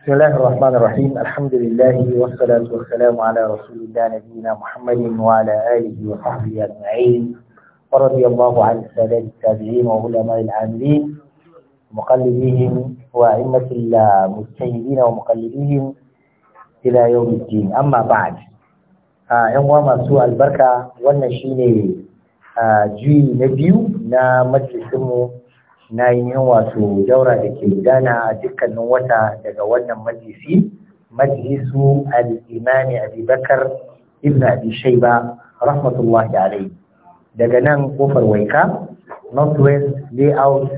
بسم الله الرحمن الرحيم الحمد لله والصلاة والسلام على رسول الله نبينا محمد وعلى آله وصحبه أجمعين ورضي الله عن السادة التابعين وعلماء العاملين مقلديهم وأئمة المجتهدين ومقلديهم إلى يوم الدين أما بعد ‘yan آه، uwa سوء البركة والنشيني آه، جي نبيو نا مجلسمو na yi yin wato daura da ke gudana a dukkanin wata daga wannan majlisi, majalisu al-imami abubakar ibn abi shaiba rahmatullah alaihi daga nan kofar waika northwest layout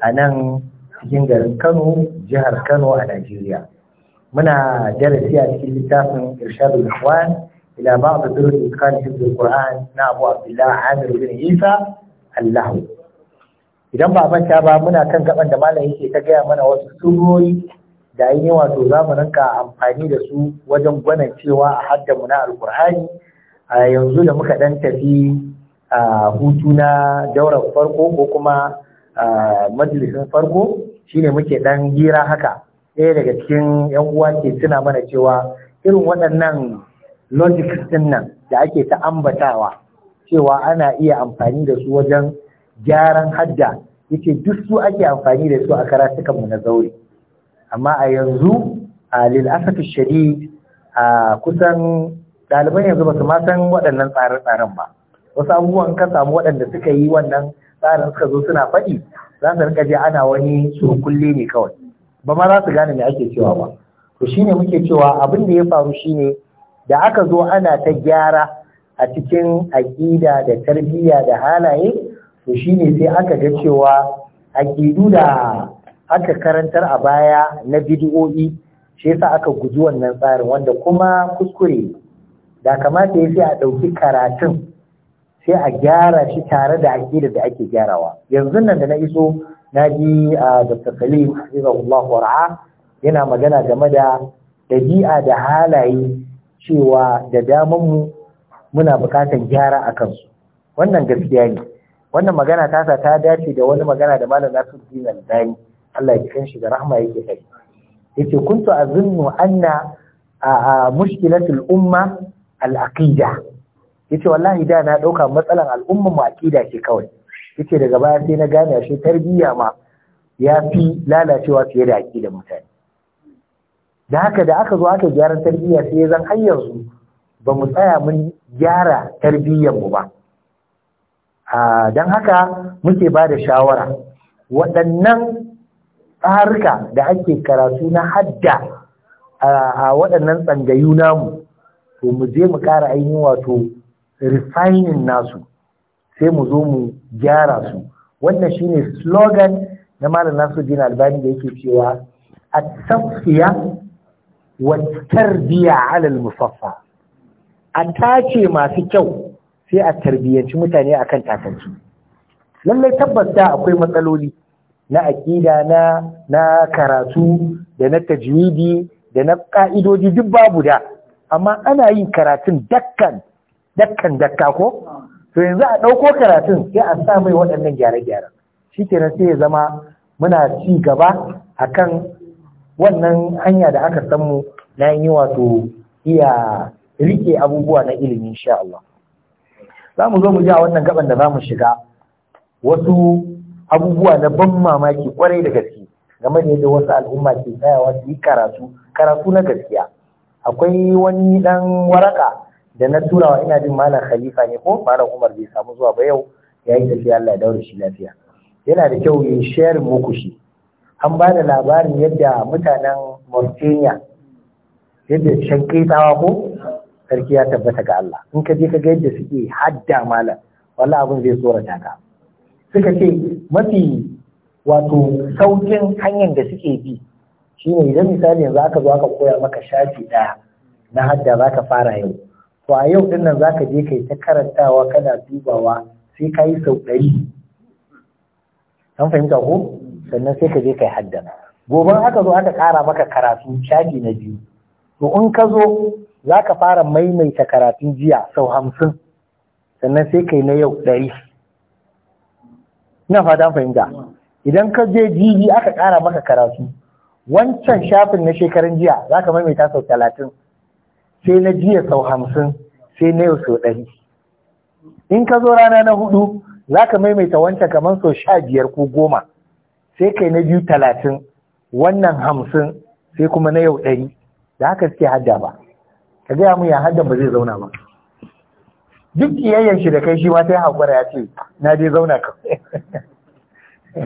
a nan cikin garin kano jihar kano a najeriya muna darasi a cikin littafin irshadul ikhwan ila ba'd durr al-qur'an na abu abdullah amir bin isa allahu idan ba manta ba muna kan gaban da malam yake ta gaya mana wasu surori da ainihin wato za mu rinka amfani da su wajen gwanan cewa a haddamu na alkur'ani a yanzu da muka dan tafi a hutu na daurar farko ko kuma majalisin farko shine muke dan gira haka ɗaya daga cikin yan uwa ke tuna mana cewa irin waɗannan logic din nan da ake ta ambatawa cewa ana iya amfani da su wajen gyaran hadda yake duk su ake amfani da su a karatukan mu na zauri amma a yanzu a lil asafi shadid a kusan ɗaliban yanzu ba su ma san waɗannan tsare-tsaren ba wasu abubuwan ka samu waɗanda suka yi wannan tsarin suka zo suna faɗi za su rika je ana wani surkulle ne kawai ba ma za su gane me ake cewa ba to shine muke cewa abin da ya faru shine da aka zo ana ta gyara a cikin aƙida da tarbiyya da halaye to shi ne sai aka ga cewa a aƙidu da aka karantar a baya na bidiyo'i shi yasa aka guji wannan tsarin wanda kuma kuskure da kamata ya sai a ɗauki karatun sai a gyara shi tare da aƙidar da ake gyarawa yanzu nan da na iso na ji a dr salim hafizahullah wara'a yana magana game da ɗabi'a da halaye cewa da damanmu muna buƙatar gyara a kansu wannan gaskiya ne wannan magana tasa ta dace da wani magana da malam Nasiruddin Al-Albani Allah ya kan shi da rahma yake kai yace kuntu azunnu anna mushkilatul umma al-aqida yace wallahi da na dauka matsalan al'umma mu aqida ce kawai yace daga baya sai na gane ashe tarbiyya ma ya fi lalacewa fiye da aqida mutane da haka da aka zo aka gyara tarbiyya sai zan har yanzu ba mu tsaya mun gyara tarbiyyar mu ba don haka muke ba da shawara waɗannan tsarika da ake karatu na hadda a waɗannan tsangayu namu to mu je mu ƙara ainihin wato refining nasu sai mu zo mu gyara su wannan shine slogan na malam Nasiruddin Albani da yake cewa a tafiya wa tarbiya alal musaffa a tace masu kyau sai a tarbiyyanci mutane a kan takanci lallai tabbas da akwai matsaloli na aƙida na karatu da na tajwidi da na ƙa'idodi duk babu da amma ana yin karatun dakkan dakkan dakka ko to yanzu a ɗauko karatun sai a sa mai waɗannan gyare-gyaren shikenan sai ya zama muna ci gaba kan wannan hanya da aka san mu na yi wato iya rike abubuwa na ilimin sha Allah za mu zo mu ji a wannan gaban da za mu shiga wasu abubuwa na ban mamaki kwarai da gaske game da yadda wasu al'umma ke tsayawa su yi karatu karatu na gaskiya akwai wani dan waraka da na turawa ina jin malam khalifa ne ko malam umar bai samu zuwa ba yau ya yi tafiya Allah ya daure shi lafiya yana da kyau yin shayar muku shi an ba da labarin yadda mutanen Mauritania yadda shankitawa ko sarki ya tabbata ga Allah in ka je ka ga yadda suke hadda malam wallahi abin zai tsorata ka suka ce mafi wato saukin hanyar da suke bi shine idan misali yanzu aka zo aka koya maka shafi ɗaya na hadda za ka fara yau to a yau din nan za ka je kai ta karantawa kana dubawa sai ka yi sau ɗari an fahimta ko sannan sai ka je kai hadda gobe aka zo aka kara maka karatu shafi na biyu to in ka zo za ka fara maimaita karatun jiya sau hamsin sannan sai kai na yau ɗari na fatan fahimta idan ka je jibi e aka ƙara maka karatu wancan shafin na shekarun jiya za ka maimaita sau talatin sai na jiya sau hamsin sai na yau sau ɗari in ka zo rana na hudu za ka maimaita wancan kamar sau sha biyar ko goma sai kai na biyu talatin wannan hamsin sai kuma na yau ɗari da haka suke hadda ba ka gaya mu ya haddan ba zai zauna ba duk kiyayyar shi da kai shi ma sai haƙura ya ce na dai zauna ka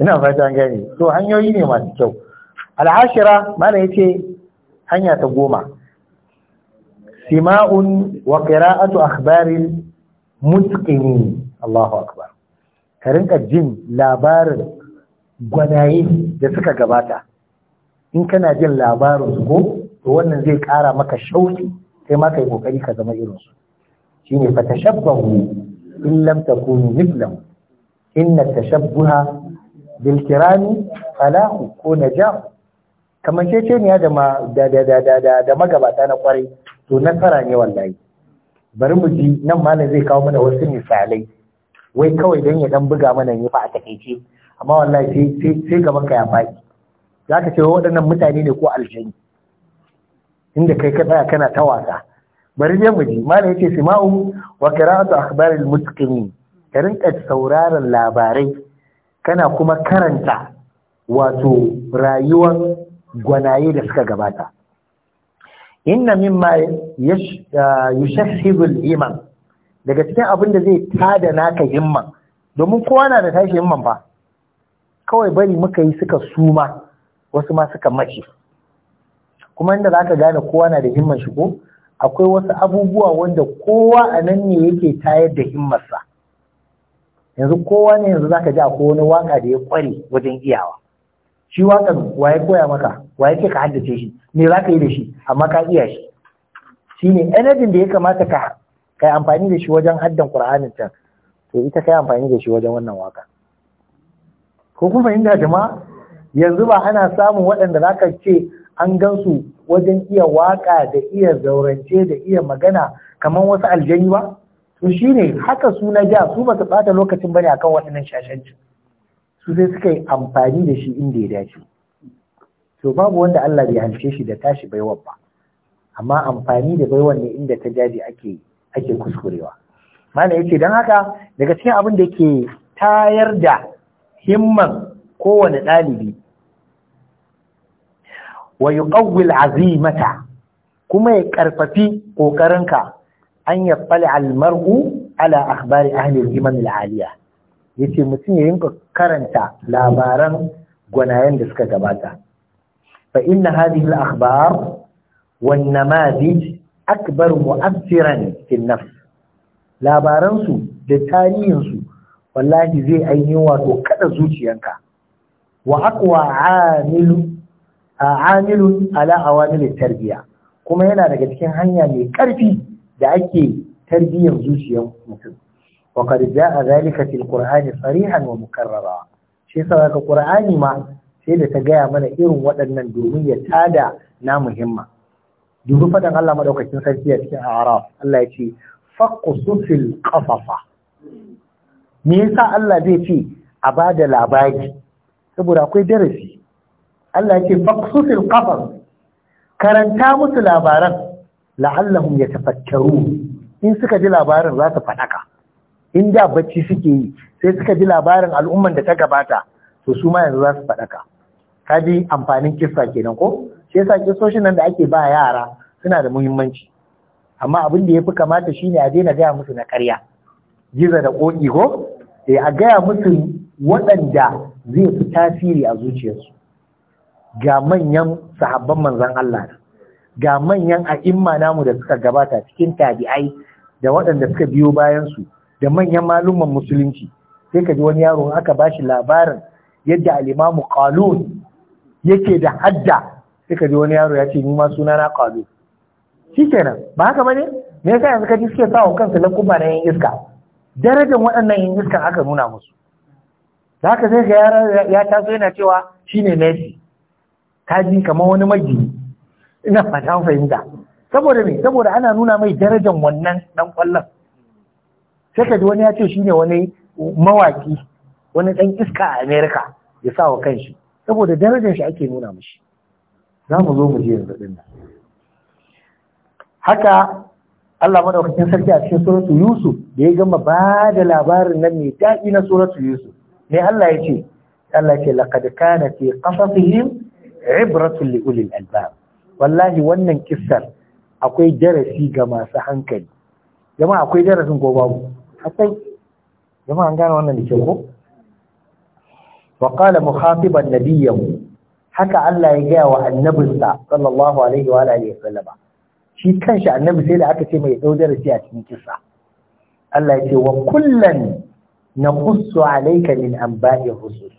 ina fatan gani to hanyoyi ne masu kyau al'ashira mana yace hanya ta goma sima'un wa qira'atu akhbarin mutqini Allahu akbar ka rinka jin labarin gwanaye da suka gabata in kana jin labarin su ko to wannan zai ƙara maka shauki kai ma kai kokari ka zama irin su shine fa tashabbahu in lam takunu mithlam inna tashabbuha bil kirami falahu ko najahu kamar ce ne ya da da da da da magabata na kwarai to nasara ne wallahi bari mu ji nan malam zai kawo mana wasu misalai wai kawai dan ya dan buga mana ne fa a takeice amma wallahi sai sai gaban ka ya faɗi zaka ce waɗannan mutane ne ko aljani inda kai ka tsaya kana ta wasa bari je mu ji malam yace sima'u wa qira'atu akhbaril mutqini ka rinka sauraron labarai kana kuma karanta wato rayuwar gwanaye da suka gabata inna mimma ah, yushahhibu al-iman daga cikin abin da zai tada naka himma, domin kowa na da tashi himman ba kawai bari muka yi suka suma wasu ma suka mace kuma inda za ka gane kowa na da himman shi ko akwai wasu abubuwa wanda kowa a nan ne yake tayar da himmarsa yanzu kowa ne yanzu za ka ji akwai wani waka da ya kware wajen iyawa shi wakan waye koya maka waye ce ka haddace shi me za ka yi da shi amma ka iya shi Shi ne energy da ya kamata ka kai amfani da shi wajen haddan Qur'anin can to ita kai amfani da shi wajen wannan waka ko kun inda jama'a yanzu ba ana samun waɗanda za ka ce an gan su wajen iya waƙa da iya zaurance da iya magana kamar wasu aljani ba to shine haka su na ja su basu su bata lokacin bane akan waɗannan shashanci su sai suka yi amfani da shi inda ya dace to babu wanda Allah bai halce shi da tashi baiwa ba amma amfani da baiwan ne inda ta jaje ake ake kuskurewa mana yace dan haka daga cikin abin da ke tayar da himman kowane ɗalibi wa yuqawwil azimata kuma ya ƙarfafi ƙoƙarinka. an fali almar'u ala akhbari ahli al-imam al ya ce mutum ya yinka karanta labaran gwanayen da suka gabata fa inna hadhihi al-akhbar wan akbar mu'assiran fi an-nafs da tarihin su wallahi zai ainihin wato kada zuciyanka wa aqwa amilu amilun ala awamil tarbiya kuma yana daga cikin hanya mai ƙarfi da ake tarbiyyar zuciyar mutum wa qad jaa zalika fil qur'ani sarihan wa mukarrara shi yasa ka qur'ani ma sai da ta gaya mana irin waɗannan domin ya tada na muhimma dubi fadan Allah madaukakin sarki a cikin a'raf Allah ya ce faqsu fil qasafa me yasa Allah zai ce a ba da labari saboda akwai darasi Allah yake faqsusil ƙafar, karanta musu labaran la'allahum yatafakkaru in suka ji labarin za su fadaka in da bacci suke yi sai suka ji labarin al'umman da ta gabata to su ma yanzu za su fadaka kaji amfanin kissa kenan ko shi yasa kissoshin nan da ake ba yara suna da muhimmanci amma abin da yafi kamata shine a daina gaya musu na ƙarya giza da ƙoƙi ko E, a gaya musu waɗanda zai fi tasiri a zuciyarsu ga manyan sahabban manzan Allah ga manyan a'imma namu da suka gabata cikin tabi'ai da waɗanda suka biyo bayansu, da manyan malumman musulunci sai ka ji wani yaro aka bashi labarin yadda Alimamu Qalun yake da hadda sai ka ji wani yaro ya ce ni ma sunana Qalun shikenan ba haka bane me yasa yanzu kaji suke sawa kansu lakuma na yin iska Darajan waɗannan yin iska aka nuna musu da ka sai ga ya taso yana cewa shine Messi kaji kamar wani magini ina fata fahimta saboda me saboda ana nuna mai darajar wannan dan kwallon sai da wani ya ce shine wani mawaki wani dan iska a Amerika ya sa wa kanshi saboda darajar shi ake nuna mishi za mu zo mu je yanzu din haka Allah madaukakin sarki a cikin suratu Yusuf da ya gama ba da labarin nan mai daɗi na suratu Yusuf ne Allah ya ce Allah ya ce laqad kana fi qasasihim ibratun li ulil albab wallahi wannan kissar akwai darasi ga masu hankali jama'a akwai darasin ko babu akwai jama'a an gane wannan da ke ko wa qala mukhatiban nabiyyahu haka Allah ya gaya wa sa, sallallahu alaihi wa alihi wasallama shi kanshi annabi sai da aka ce mai dau darasi a cikin kissa Allah ya ce wa kullan naqussu alayka min anba'i rusul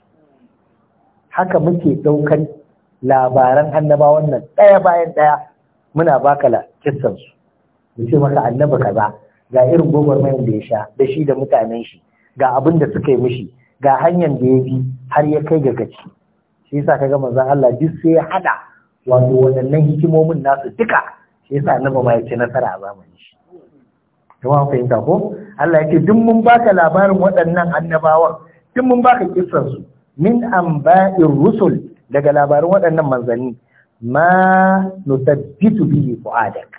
haka muke daukan labaran annabawan nan ɗaya bayan ɗaya muna baka la su. mu ce maka annaba kaza ga irin mai da ya sha da shi da mutanen shi ga abin da suka yi mishi ga hanyar da ya bi har ya kai ga gaci shi yasa kaga manzon Allah duk sai ya hada wato wannan hikimomin nasu duka shi yasa annaba ma ya ce nasara a zamanin shi kuma fahimta ko Allah yake duk mun baka labarin waɗannan annabawan duk mun baka kissan su min amba'ir rusul daga labarin waɗannan manzanni ma nusabbitu bihi fu'adak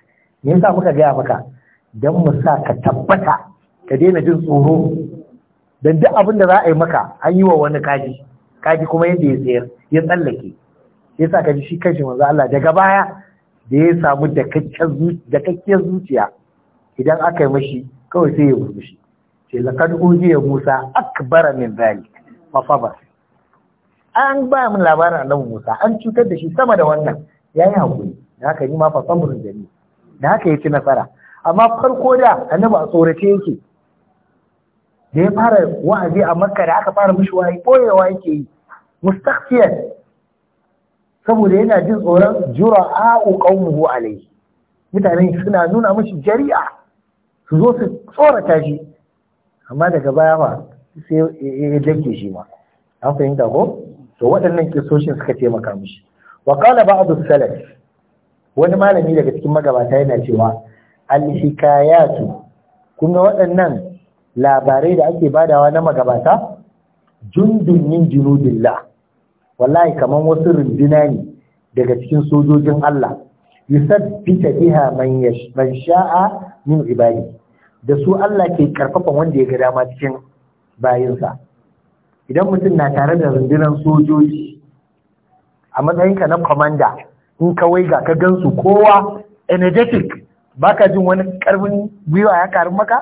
me yasa muka gaya maka dan mu sa ka tabbata ka daina jin tsoro dan duk abin da za a yi maka an yi wa wani kaji kaji kuma yadda ya tsayar ya tsallake yasa ka ji shi kanshi manzo Allah daga baya da ya samu kakkiyar zuciya idan aka yi mashi kawai sai ya murmushi ce laqad ujiya Musa akbara min zalik fa sabar an ba min labarin annabi Musa an cutar da shi sama da wannan yayi hakuri da haka yi ma fa sabrun jami da haka yaci nasara amma farko da annabi a tsorace yake da ya fara wa'azi a Makka da aka fara mishi wayi boyewa yake yi mustaqfiyan saboda yana jin tsoron jura'a'u qaumuhu alayhi mutane suna nuna mishi jari'a su zo su tsorata shi amma daga baya ba sai ya dake shi ma an fahimta ko to waɗannan kisoshin suka taimaka mishi wa ba ba'd salaf wani malami daga cikin magabata yana cewa Alhikayatu, hikayatu kun ga waɗannan labarai da ake badawa na magabata jundun yin junudillah wallahi kaman wasu runduna ne daga cikin sojojin Allah yusabbita biha man man sha'a min ibadi da su Allah ke karfafa wanda ya ga dama cikin bayinsa idan mutum na tare da rundunar sojoji a matsayinka na kwamanda in kawai ga ka gansu kowa energetic baka jin wani karfin gwiwa ya karu maka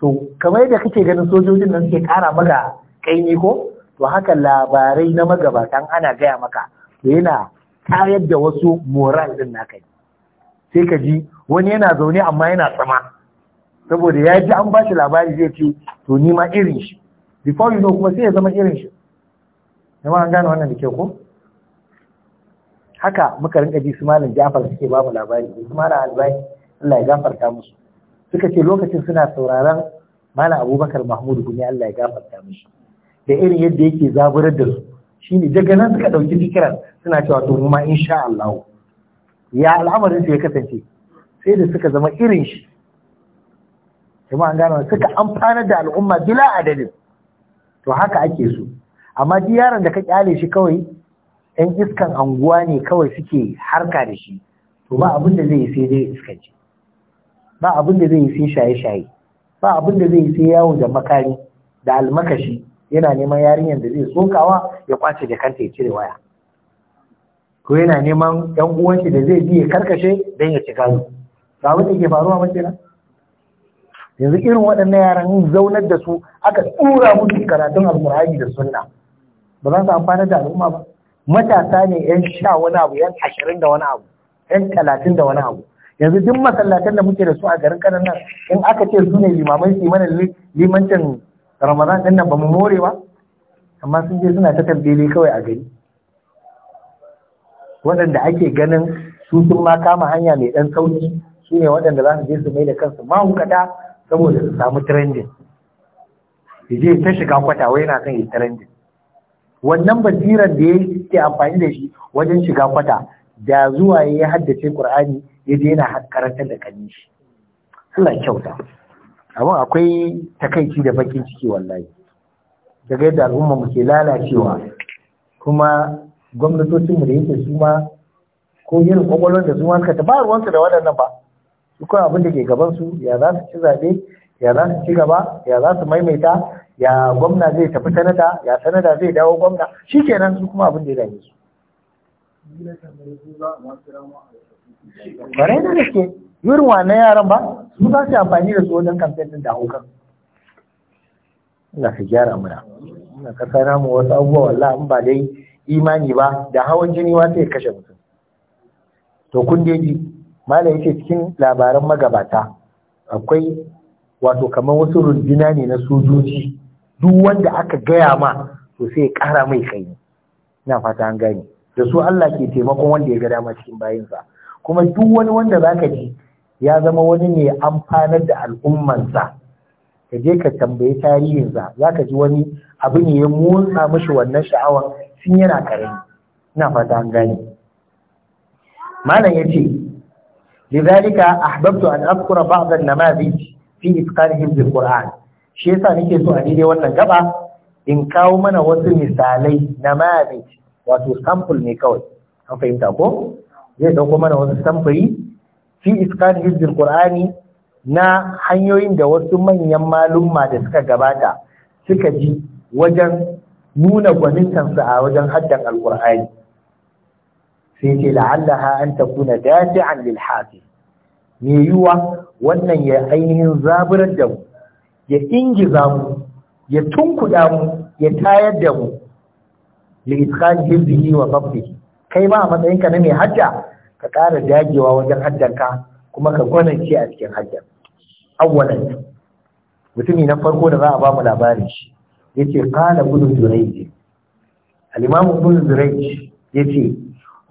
to kamar yadda kake ganin sojojin nan suke kara maka kaini ko to haka labarai na magabatan ana gaya maka to yana tayar da wasu moral din naka kai. sai ka ji wani yana zaune amma yana tsama saboda ya ji an ba shi labari zai ce to ni ma irin shi before you know kuma sai ya zama irin shi jama'a an gane wannan da ke ko haka muka rinka ji su malam Jafar suke ba mu labari su malin albai Allah ya gafarta musu suka ce lokacin suna sauraron malam Abubakar Mahmud gumi Allah ya gafarta musu da irin yadda yake zaburar da su shine daga nan suka dauki fikiran suna cewa to mu ma insha Allah ya al'amarin su ya kasance sai da suka zama irin shi kuma an gane suka amfana da al'umma bila adadin to haka ake so amma duk yaron da ka kyale shi kawai ɗan iskan anguwa ne kawai suke harka da shi to ba abin da zai yi sai dai iskanci ba abin da zai yi sai shaye-shaye ba abin da zai yi sai yawo da makari da almakashi yana neman yarinyar da zai tsokawa ya kwace da kanta ya cire waya ko yana neman yan uwanki da zai ya karkashe don ya ci gado ga abin da ke faruwa mace na yanzu irin waɗannan yaran zaunar da su aka tsura musu karatun alkur'ani da sunna ba za su amfana da al'umma ba matasa ne yan sha wani abu yan ashirin da wani abu yan talatin da wani abu yanzu duk masallatan da muke da su a garin kanan nan in aka ce su ne limamai su mana limancin ramadan din nan ba mu more ba amma sun je suna ta tambele kawai a gari waɗanda ake ganin su sun ma kama hanya mai ɗan sauki su ne waɗanda za su je su mai da kansu mahukata saboda su samu trending je ta shiga kwata wai na kan yi trending wannan basiran da ya ke amfani da shi wajen shiga kwata da zuwa ya haddace ƙur'ani, ya je yana karantar da kanin shi Allah kyauta amma akwai takaici da bakin ciki wallahi daga yadda al'umma muke lalacewa kuma gwamnatocinmu da yake su ma ko yin kwakwalwar da su ma suka ta ruwansu da waɗannan ba dukkan abin da ke gaban su ya za su ci zaɓe ya za su ci gaba ya za su maimaita ya gwamna zai tafi sanada ya sanada zai dawo gwamna shi kenan su kuma abin da ya dame su bare da gaske yurin wannan yaran ba su za su amfani da su wajen kamfen din da haukan ina su gyara muna ina kasa mu wasu abubuwa wallah in ba dai imani ba da hawan jini wata ya kashe mutum to kun dai ji mala yake cikin labaran magabata akwai wato kamar wasu rundina ne na sojoji duk wanda aka gaya ma to sai ya ƙara mai kai ina fata an gane da su Allah ke taimakon wanda ya ga dama cikin bayinsa kuma duk wani wanda zaka ji ya zama wani ne amfanar da al'ummansa ka je ka tambayi tarihinsa zaka ji wani abu ne ya motsa mishi wannan sha'awan sun yana karami ina fata an gane malam yace لذلك أحببت أن أذكر بعض النماذج في إتقانهم بالقرآن shi yasa nake so a daidai wannan gaba in kawo mana wasu misalai na wato sample ne kawai an fahimta ko zai dauko mana wasu samfuri fi iskan hizbin qur'ani na hanyoyin da wasu manyan malumma da suka gabata suka ji wajen nuna gwanintansu a wajen haddan alqur'ani sai ce la'allaha an takuna dafi'an lil hafi me yiwa wannan ya ainihin zaburar da mu ya ingiza mu ya tunkuda mu ya tayar da mu li itqan hizbihi wa dhabtihi kai ma a matsayinka na mai hajja ka ƙara dagewa wajen hajjanka kuma ka gwanance a cikin hajjar awwalan mutumi na farko da za a ba mu labarin shi yace qala ibn durayj al-imam ibn durayj yace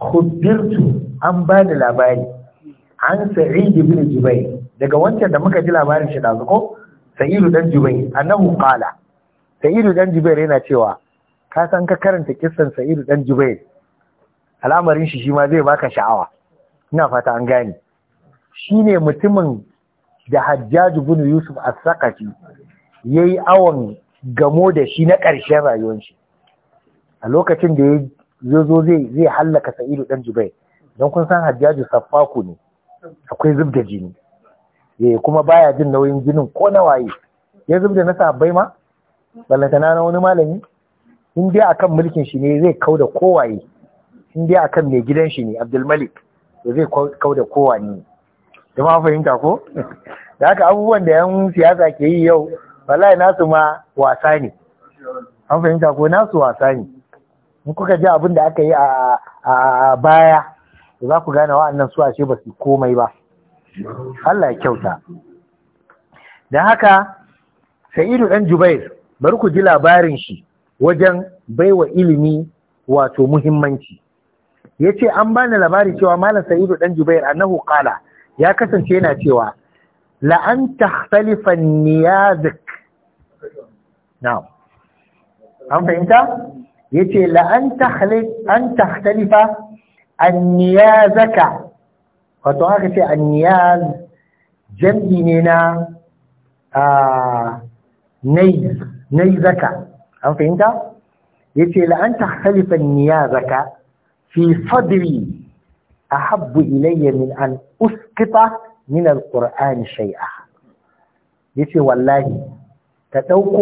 khubirtu an ba bani labari an sa'id ibn jubayr daga wancan da muka ji labarin shi dazu ko sa'idu dan jubayr annahu qala sa'idu dan jubayr yana cewa ka san ka karanta kissan sa'idu dan jubayr al'amarin shi shi ma zai baka sha'awa ina fata an gane shine mutumin da Hajjaj ibn Yusuf as-Saqafi yayi awon gamo da shi na ƙarshen rayuwar shi a lokacin da ya zai zo zai zai hallaka sa'idu dan jubai don kun san hajjaju saffaku ne akwai zub da jini eh kuma baya jin nauyin jinin ko na waye ya zub da na sahabbai ma ballantana na wani malami in dai akan mulkin shi ne zai kau da kowaye in dai akan mai gidan shi ne abdulmalik da zai kau da kowa ne da ma fahimta ko da haka abubuwan da yan siyasa ke yi yau wallahi nasu ma wasa ne an fahimta ko nasu wasa ne in kuka ji abin da aka yi a baya za ku gane wa'annan su ashe ba su komai ba Allah ya kyauta Da haka sa'idu ɗan jubair bari ku ji labarin shi wajen baiwa ilimi wato muhimmanci ya ce an bani labari cewa malam sa'idu ɗan jubair annahu kala ya kasance yana cewa la'an tahtalifa niyazik na'am an fahimta yace la an takhlit an takhtalifa anniyazaka wato haka ce an anniyaz jam'i ne na nai zaka an fahimta yace la an takhtalifa anniyazaka fi sadri ahabbu ilayya min an uskita min alqur'ani shay'a yace wallahi ka ɗauko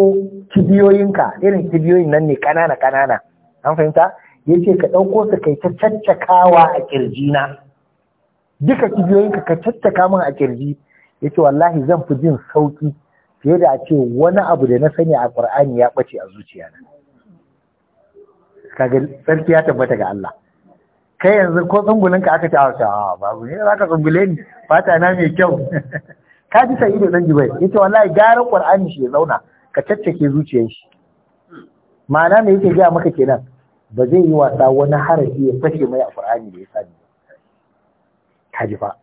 kibiyoyinka irin kibiyoyin nan ne ƙanana ƙanana an fahimta ya ce ka ɗauko su kai ta caccakawa a na. duka kibiyoyinka ka caccaka min a ƙirji ya ce wallahi zan fi jin sauƙi fiye da a ce wani abu da na sani a ƙur'ani ya ɓace a zuciya na kaga sarki ya tabbata ga Allah kai yanzu ko tsungulinka aka ta ba babu ne za ka tsungule ni fata na mai kyau ka ji sai ido dan jibai yace wallahi gara qur'ani shi ya zauna ka caccake zuciyar shi ma'ana me yake ga maka kenan ba zai yi wasa wani harafi ya fashe mai a qur'ani da ya sani ka ji fa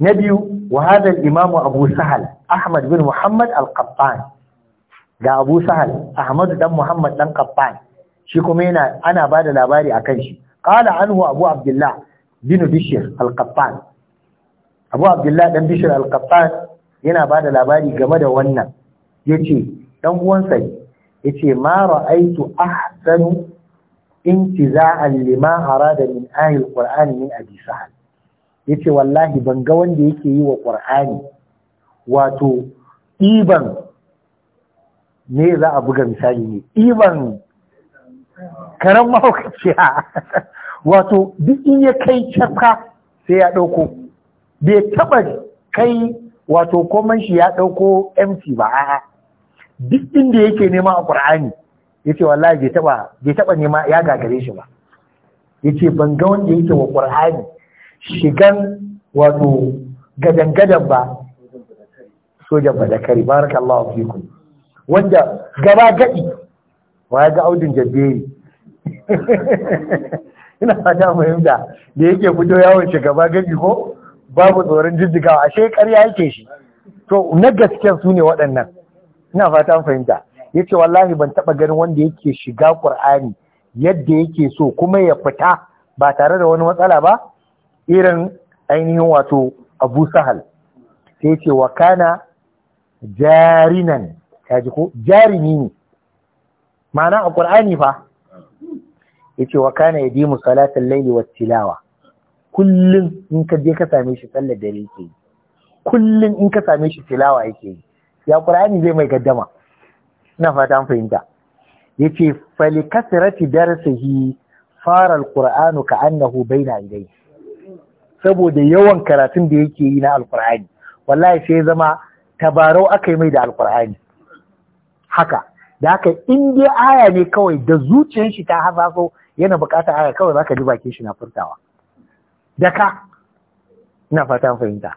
na biyu wa hada al-imam abu sahal ahmad bin muhammad al-qattan ga abu sahal ahmad dan muhammad dan qattan shi kuma yana ana bada labari akan shi qala anhu abu abdullah bin bishr al-qattan abu abdullahi dan bishir al-qattan yana ba da labari game da wannan yace dan uwansa yace ma ra'aitu ahsanu intiza'an lima arada min ayil qur'ani min abi sahal yace wallahi ban ga wanda yake yi wa qur'ani wato iban me za a buga misali ne iban karan mahaukaciya wato duk in ya kai cakka sai ya ɗauko bai taɓa kai wato komai shi ya ɗauko MC ba a duk inda yake nema a ƙur'ani ce wallahi bai taɓa nema ya gagare shi ba yace ban ga wanda yake wa ƙur'ani shigan wato gadan gadan ba sojan badakari fi fikum wanda gaba gaɗi wa ga audin jabberi ina fata mahimta da yake fito yawon gaba gaɗi ko babu tsoron jijjigawa ashe ya yake shi to na gaske su ne waɗannan ina fata fahimta Ya ce wallahi ban taɓa ganin wanda yake shiga ƙur'ani yadda yake so kuma ya fita ba tare da wani matsala ba irin ainihin wato Abu Sahal sai ce wa kana jarinan ji ko jarini ne ma'ana a Kur'ani fa Ya ce wa kana yadimu salatal laili wa tilawa kullum in ka je ka same shi sallar dare yake yi kullum in ka same shi tilawa yake yi ya qur'ani zai mai gaddama ina fata an fahimta yace fali kasrati darsihi fara alqur'anu ka annahu baina idai saboda yawan karatun da yake yi na alqur'ani wallahi sai zama tabarau aka yi mai da alqur'ani haka da haka in dai aya ne kawai da zuciyar shi ta hasaso yana bukata aya kawai zaka ji bakin shi na furtawa da ka ina fata fahimta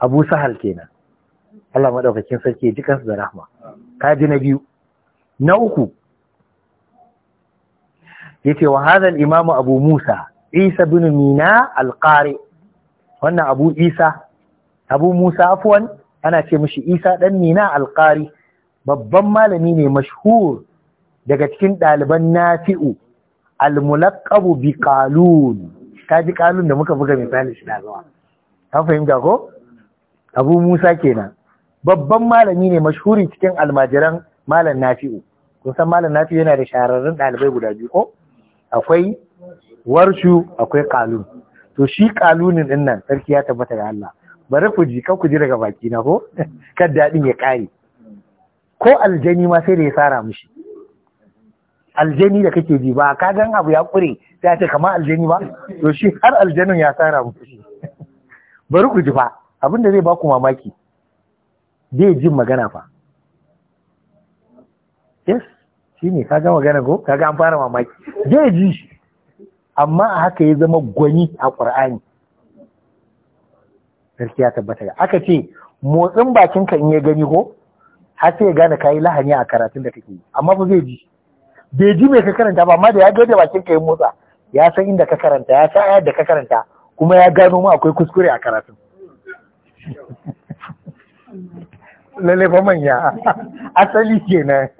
abu sahal kenan Allah maɗaukakin sarki ji da rahma ka ji na biyu na uku yace wa hadha al-imamu abu musa isa bin mina al-qari wannan abu isa abu musa afwan ana ce mishi isa dan mina al-qari babban malami ne mashhur daga cikin ɗaliban nafi'u al-mulaqabu bi qalun ka ji kalun da muka buga misali shi na zuwa ka fahimta ko abu musa kenan babban malami ne mashhuri cikin almajiran malam nafi'u kun san malam nafi'u yana da shahararrun ɗalibai guda biyu ko akwai warshu akwai kalun to shi kalunin din nan sarki ya tabbata da Allah bari ku ji kan ku ji daga baki na ko kan daɗin ya ƙare ko aljani ma sai da ya sara mishi aljani da kake ji ba ka gan abu ya kure sai a ce kamar aljani ba to shi har aljanin ya tsara mu bari ku ji fa abin da zai ba ku mamaki bai jin magana fa yes shi ne ga magana ko ga an fara mamaki bai ji shi amma a haka ya zama gwani a ƙur'ani sarki ya tabbata aka ce motsin bakinka in ya gani ko har sai ya gane kayi lahani a karatun da kake yi amma ba zai ji bai ji mai ka karanta ba amma da ya gode bakin ka ya motsa ya san inda ka karanta ya san ayar da ka karanta kuma ya gano ma akwai kuskure a karatun lalle fa manya asali kenan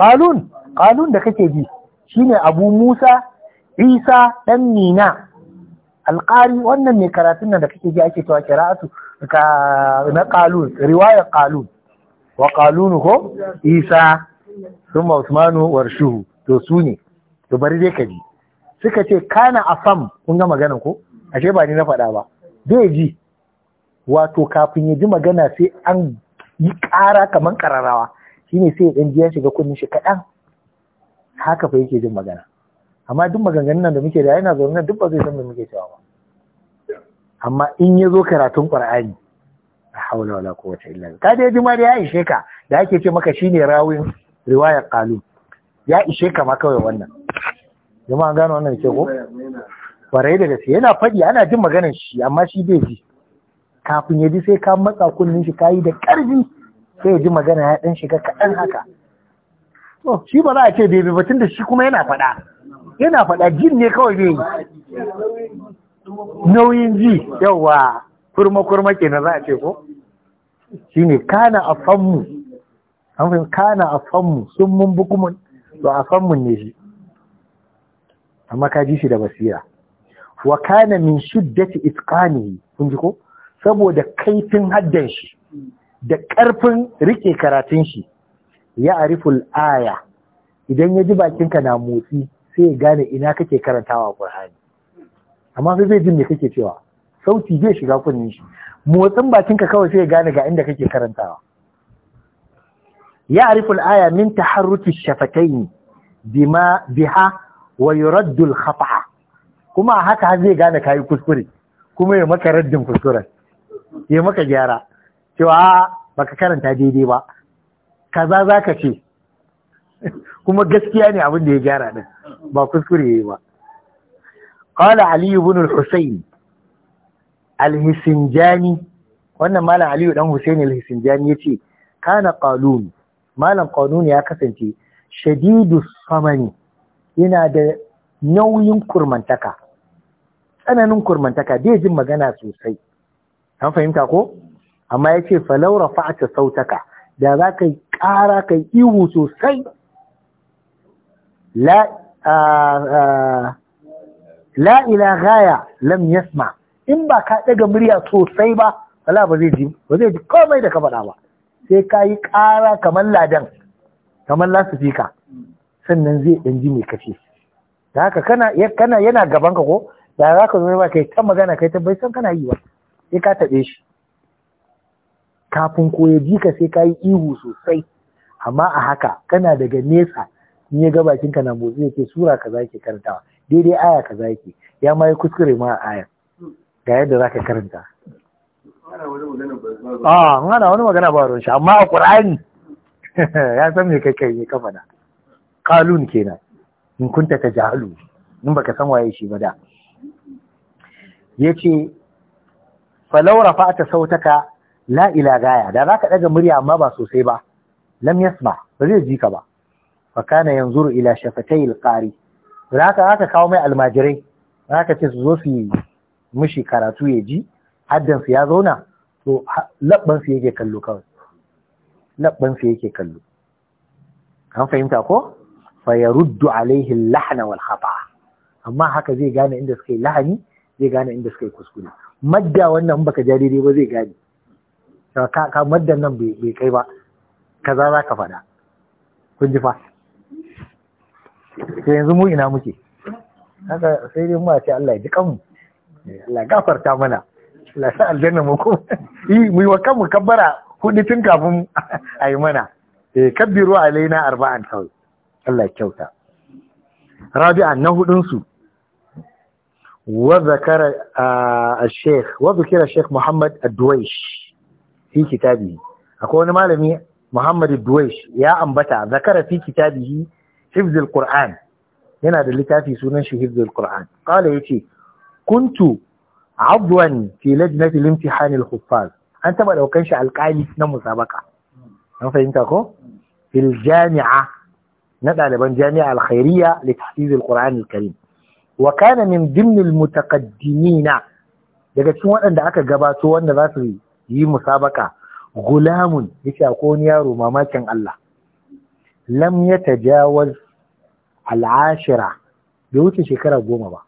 kalun kalun da kake ji shine abu musa isa dan nina alƙari wannan mai karatun nan da kake ji ake cewa kira'atu na kalun riwayar kalun wa kalun ko isa sun Usmanu warshuhu to su ne to bari dai ka ji suka ce kana fam kun ga magana ko ashe ba ni na faɗa ba zai ji wato kafin ya ji magana sai an yi ƙara kamar ƙararrawa shine sai ya ɗan shiga kudin shi kaɗan haka fa yake jin magana amma duk maganganun nan da muke da yana zaune duk ba zai san me muke cewa ba amma in ya zo karatun ƙwar'ani la haula wala quwwata illa billah ka ya ji ma da ya ishe ka da ake ce maka shine rawin riwayar Kalu ya ishe kama kawai wannan an gano wannan ke ko kwarai daga gaske yana faɗi ana jin maganar shi amma shi bai ji kafin ya ji sai ka matsa kunnin shi kayi da ƙarfi sai ya ji magana ya ɗan shiga kaɗan haka to shi ba za a ce bai bi batun da shi kuma yana faɗa yana faɗa jin ne kawai bai yi nauyin ji yawa kurma kurma kenan za a ce ko shine kana afanmu an fahimta kana a fanmu sun mun bukumun to a fanmun ne shi amma ka ji shi da basira wa kana min shiddati itqanihi kun ji ko saboda kaifin haddan shi da karfin rike karatun shi ya ariful aya idan ya ji bakinka na motsi sai ya gane ina kake karantawa Qur'ani amma sai zai ji me kake cewa sauti zai shiga kunnin shi motsin bakinka kawai sai ya gane ga inda kake karantawa Ya 'aya يعرف الآية من تحرك الشفتين biha بها ويرد الخطأ kuma haka zai gane kayi kuskure kuma ya maka raddin kuskuren ya maka gyara cewa baka karanta daidai ba kaza zaka ce kuma gaskiya ne abin da ya gyara din ba kuskure yayi ba qala ali ibn al-husayn al-hisinjani wannan malam aliyu dan husayn al-hisinjani yace kana qalun malam Kanuni ya kasance shadidu samani yana da nauyin kurmantaka tsananin kurmantaka bai jin magana sosai an fahimta ko amma yace falau rafa'ta sautaka da za ka kara ƙara ka ihu sosai la ila gaya lam yasma in ba ka ɗaga murya sosai ba wala ba zai ji ba zai ji komai da ka faɗa ba sai ka yi ƙara kamar ladan kamar lasifika sannan zai ɗan ji mai kashe da haka kana yana gaban ka ko da za ka zo ba kai ta magana kai ta bai san kana yi ba sai ka taɓe shi kafin ko ya ji ka sai ka yi ihu sosai amma a haka kana daga nesa in ya ga bakin ka na motsi ya ce sura kaza yake karantawa daidai aya kaza yake ya ma yi kuskure ma a aya ga yadda za ka karanta Ah, ana wani magana ba ruwan sha, amma a ƙur'ani ya san me kai kai kafa na. kalun kenan in kunta ta jahalu in baka san waye shi ba da yace falau rafa'ta sautaka la gaya da zaka ɗaga murya amma ba sosai ba lam yasma ba zai ji ka ba fa kana yanzuru ila shafatai alqari zaka aka kawo mai almajirai zaka ce su zo su mishi karatu ya ji haddansu ya zauna to labbansu yake kallo kawai labbansu yake kallo an fahimta ko fa yaruddu alaihi lahna wal khata amma haka zai gane inda suka yi lahani zai gane inda suka yi kuskure madda wannan baka ja dai ba zai gane ka ka maddan nan bai kai ba kaza za ka faɗa kun ji fa sai yanzu mu ina muke haka sai dai mu a ce Allah ya ji kanmu eh, Allah gafarta mana lasa aljanna mu ko yi mu yi wa kanmu kabbara hudu tun kafin a yi mana eh kabbiru alaina arba'an kawai Allah ya kyauta Rabi'a na hudun su wa zakara al-sheikh wa zakira sheikh Muhammad ad-Duwaish fi kitabi akwai wani malami Muhammad ad-Duwaish ya ambata zakara fi kitabihi hifz al-Qur'an yana da littafi sunan shi hifz al-Qur'an qala kuntu A abduwan fi lajnatil imtihan al huffaz an taɓa daukan shi alƙali na musabaka an fahimta ko fil na ɗaliban jami'a al-khairiyya li tahfiz al-qur'an al-karim wa kana min dimn daga cikin waɗanda aka gabato wanda za su yi musabaka gulamun yace ko wani yaro mamakin Allah Lamya yatajawaz al-ashira bai wuce shekara goma ba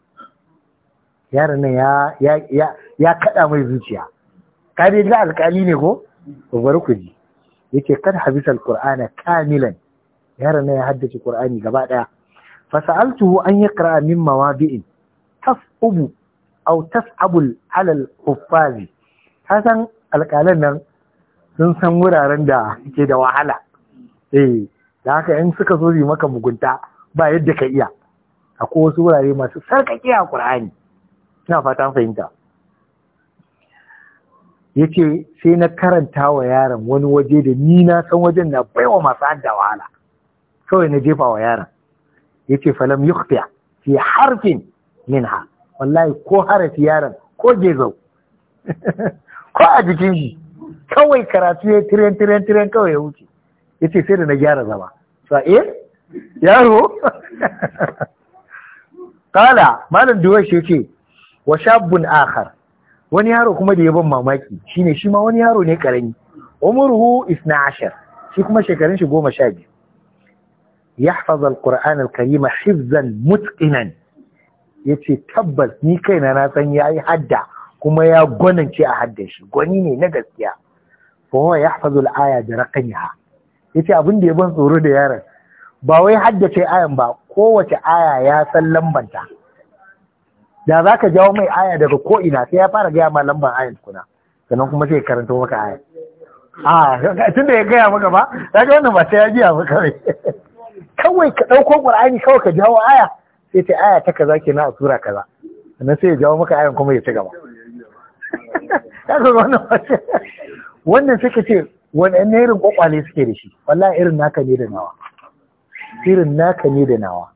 yaron nan ya ya ya ya kada mai zuciya kare dai alƙali ne ko to bari ku ji yake kad habisal qur'ana kamilan yaron nan ya haddace qur'ani gaba daya fa sa'altuhu an yaqra min mawadi'in tas'ubu aw tasabu 'ala al-huffaz ka san alƙalan nan sun san wuraren da ke da wahala eh da haka in suka zo yi maka mugunta ba yadda ka iya akwai wasu wurare masu sarkakiya a Qur'ani ina fatan fahimta ya ce sai na karanta wa yaron wani waje da ni na san wajen na baiwa masu adda wahala kawai na jefa wa yaron ya ce falam yukhtiya fi harfin minha wallahi ko harafi yaron ko gezau ko a jikin shi kawai karatu ya tiren tiren tiren kawai ya wuce ya ce sai da na gyara zama sa e eh, yaro kala malam duwashi ce wa shabbun akhar wani yaro kuma da ya ban mamaki shine shi ma wani yaro ne karami umruhu 12 shi kuma shekarun shi 12 yahfaz alquran Karima hifzan mutqinan yace tabbas ni kaina na san yayi hadda kuma ya gwanance a haddan shi gwani ne na gaskiya fa huwa yahfazu alaya da raqamiha yace abin da ya ban tsoro da yaron ba wai haddace ayan ba kowace aya ya san lambanta da za ka jawo mai aya daga ko'ina sai ya fara gaya ma lambar ayan tukuna sannan kuma sai karanta maka aya a tun da ya gaya maka ba za ka wannan ba sai ya jiya maka mai kawai ka ɗauko ƙur'ani kawai ka jawo aya sai ta aya ta kaza kenan a tura kaza sannan sai ya jawo maka ayan kuma ya ci gaba Ya wannan sai ka ce waɗanne irin ƙwaƙwale suke da shi wallahi irin naka ne da nawa irin naka ne da nawa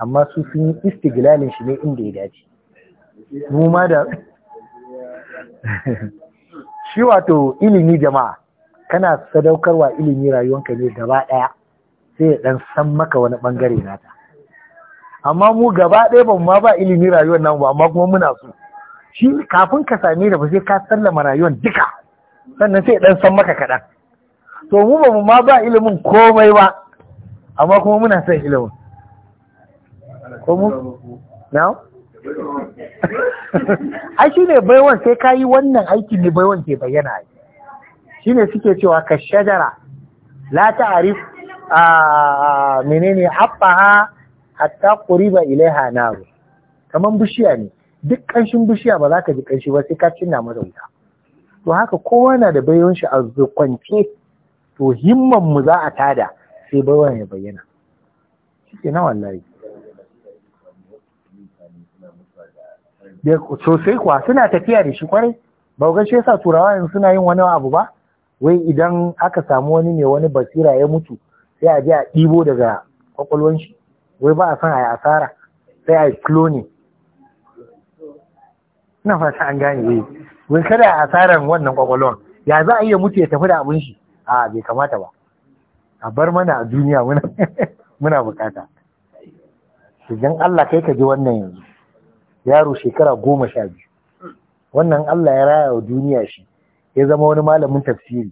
amma su sun yi istigilalin shi ne inda ya dace mu ma da shi wato ilimi jama'a kana sadaukarwa ilimi rayuwanka ne gaba ɗaya sai ya ɗan san maka wani ɓangare nata amma mu gaba ɗaya ba ma ba ilimi rayuwar nan ba amma kuma muna so shi kafin ka same da ba sai ka sallama rayuwar duka sannan sai ya ɗan san maka kaɗan to mu ba mu ma ba ilimin komai ba amma kuma muna son ilimin ko mu na'am ai shi ne baiwan sai ka yi wannan aiki ne baiwan ke bayyana shi ne suke cewa ka shajara la arif a menene ha hatta quriba ilaiha ru Kamar bishiya ne duk ƙanshin bishiya ba za ka ji ƙanshi ba sai ka cinna masa wuta to haka kowa na da baiwan shi a zukwance to himman mu za a tada sai baiwan ya bayyana shi na wallahi da sosai kuwa suna tafiya da shi kwarai ba ga shi yasa turawa yanzu suna yin wani abu ba wai idan aka samu wani ne wani basira ya mutu sai a je a ɗibo daga kwakwalwan shi wai ba a san a yi asara sai a yi cloning ina fata an gane wai eh. wai kada a asaran wannan kwakwalwan ya za a iya mutu ya tafi da abin shi a bai kamata ba a bar mana a duniya muna bukata idan Allah kai ka ji wannan yanzu yaro shekara goma sha biyu wannan Allah ya raya wa duniya shi ya zama wani malamin tafsiri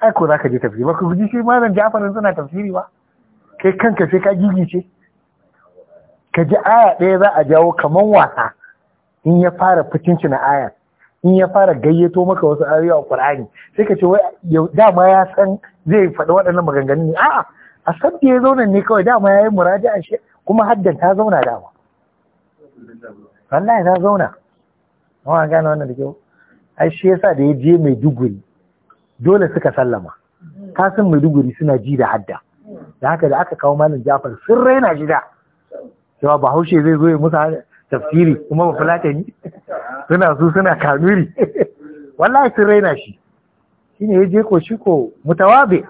ai ko zaka je tafsiri ba ku ji shi malam Jafarin suna tafsiri ba kai kanka sai ka gigice ka ji aya ɗaya za a jawo kaman wasa in ya fara fitinci na aya in ya fara gayyato maka wasu ayoyi a Qur'ani sai ka ce wai dama ya san zai faɗi waɗannan maganganun ne a'a a san da ya zauna ne kawai dama ya yi muraja'a shi kuma haddan ta zauna dama wallahi ta zauna amma an gane wannan da kyau ai shi yasa da ya je mai duguri dole suka sallama kasan duguri suna ji da hadda da haka da aka kawo malam Jafar sun raina shi da cewa Bahaushe zai zo ya musa tafsiri kuma ba fulata ni? suna su suna kanuri wallahi sun raina shi Shi ne ya je ko shi ko mutawabe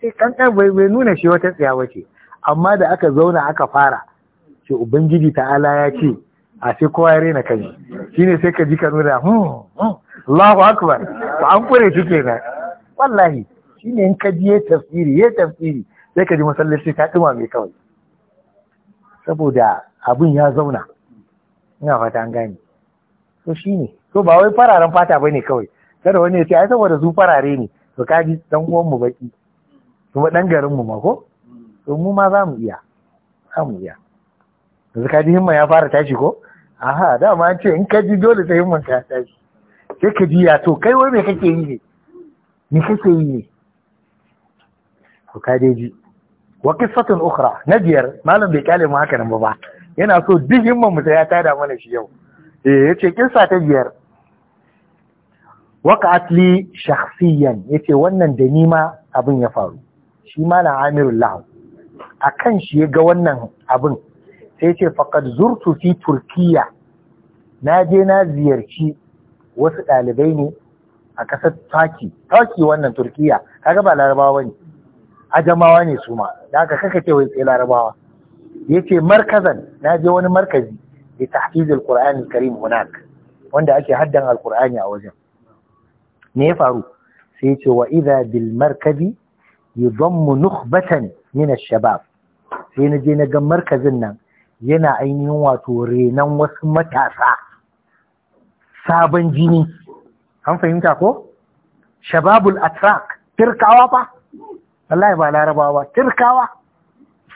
sai kankan bai nuna shi wata tsiya wace amma da aka zauna aka fara ce ubangiji ta'ala ya ce a sai kowa ya rena kai shine sai ka ji ka nuna hmm, hmm Allahu akbar Ba an kure shi kenan wallahi shine in ka ji ya tafsiri ya tafsiri sai ka ji masallaci ka dima mai kawai saboda abun ya zauna ina fata an gane to shine to ba wai fararen fata bane kawai kada wani ya ce ai saboda su farare ne to kaji dan uwan mu baki kuma dan garin mu ma ko to mu ma za mu iya za mu iya yanzu ka ji himma ya fara tashi ko aha dama an ce in ka ji dole sai himman ka tashi sai ka ji ya to kai wai me kake yi ne me kake yi ne to ka dai ji wa qissatun ukhra na biyar malam bai kyale mu haka nan ba yana so duk himman mu ya tada mana shi yau eh yace kissa ta biyar waqa'at li shakhsiyan yace wannan da ni ma abin ya faru shi malam Amirul Lahu akan shi ya ga wannan abin sai ce faƙad zurtu fi turkiya na je na ziyarci wasu ɗalibai ne a ƙasar taki taki wannan turkiya kaga ba larabawa ne ajamawa ne su ma da aka kaka ce wai sai larabawa ce markazan na je wani markazi da tahfiz alqur'ani karim hunak wanda ake haddan alqur'ani a wajen me ya faru sai ce wa idha bil markazi yudammu nukhbatan min ash-shabab sai na je na ga markazin nan yana ainihin wato renon wasu matasa sabon jini an fahimta ko shababul atrak turkawa ba wallahi ba larabawa tirkawa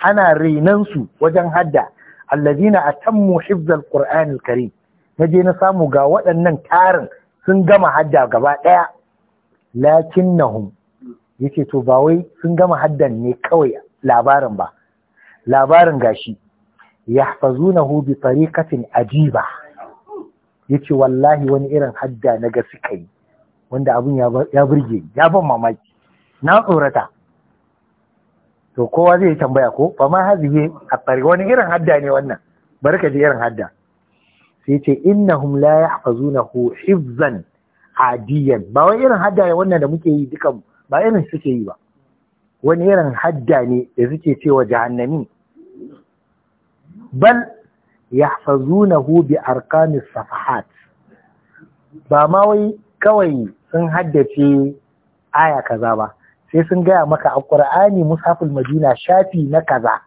ana renon su wajen hadda allazina atammu hifzal qur'anil karim naje na samu ga waɗannan tarin sun gama hadda gaba ɗaya lakinnahum yace to ba wai sun gama haddan ne kawai labarin ba labarin gashi yahfazunahu bi tariqatin ajiba yace wallahi wani irin hadda na ga suka yi wanda abun ya burge ya ban mamaki na tsorata to kowa zai tambaya ko ba ma hazihi akbari wani irin hadda ne wannan barka ji irin hadda sai ce innahum la yahfazunahu hifzan adiyan ba wani irin hadda ne wannan da muke yi dukan ba irin suke yi ba wani irin hadda ne da suke cewa jahannamin bal yahfazunahu bi arkanis safahat ba ma wai kawai sun haddace aya kaza ba sai sun gaya maka a ƙur'ani musaful madina shafi na kaza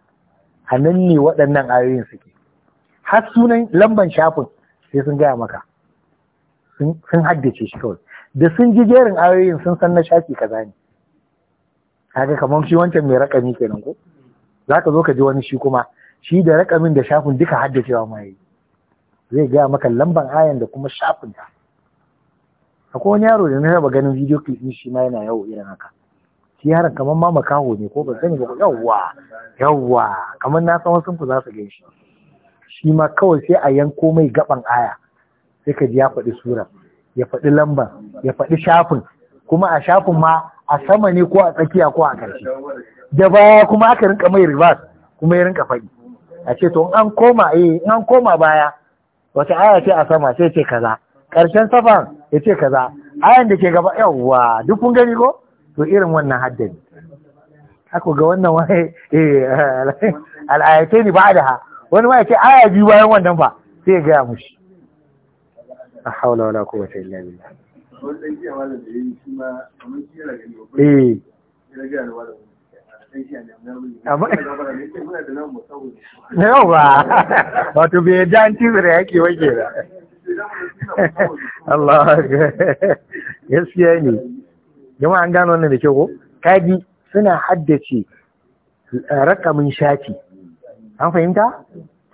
a nan ne waɗannan ayoyin suke har sunan lamban shafin sai sun gaya maka sun haddace shi kawai da sun ji jerin ayoyin sun san na shafi kaza ne kaga kamar shi wancan mai rakami kenan ko ka zo ka ji wani shi kuma shi da rakamin da shafin duka haddacewa ma yi zai gaya maka lamban ayan da kuma shafin ta akwai wani yaro da na raba ganin video clip din shi ma yana yawo irin haka shi yaron kamar ma makaho ne ko ban sani ba yawwa yawwa kamar na san wasu ku za su gaishe shi ma kawai sai a yanko mai gaban aya sai ka ji ya faɗi sura ya faɗi lamban ya faɗi shafin kuma a shafin ma a sama ne ko a tsakiya ko a ƙarshe da baya kuma aka rinka mai ribas kuma ya rinka faɗi a ce to an koma eh an koma baya wata aya ce a sama sai ce kaza karshen safan ya ce kaza ayan da ke gaba yawwa duk kun gani ko to irin wannan haddani haka ga wannan wai eh al'ayatai ne ba da ha wani ma ya ce aya biyu bayan wannan fa sai ya gaya mushi a haula wala quwwata illa billah eh yau ba wato bai da an ci yake wake ba Allah gaskiya ne jama'a an gano wannan da kyau ko kaji suna haddace eh, rakamin shafi an fahimta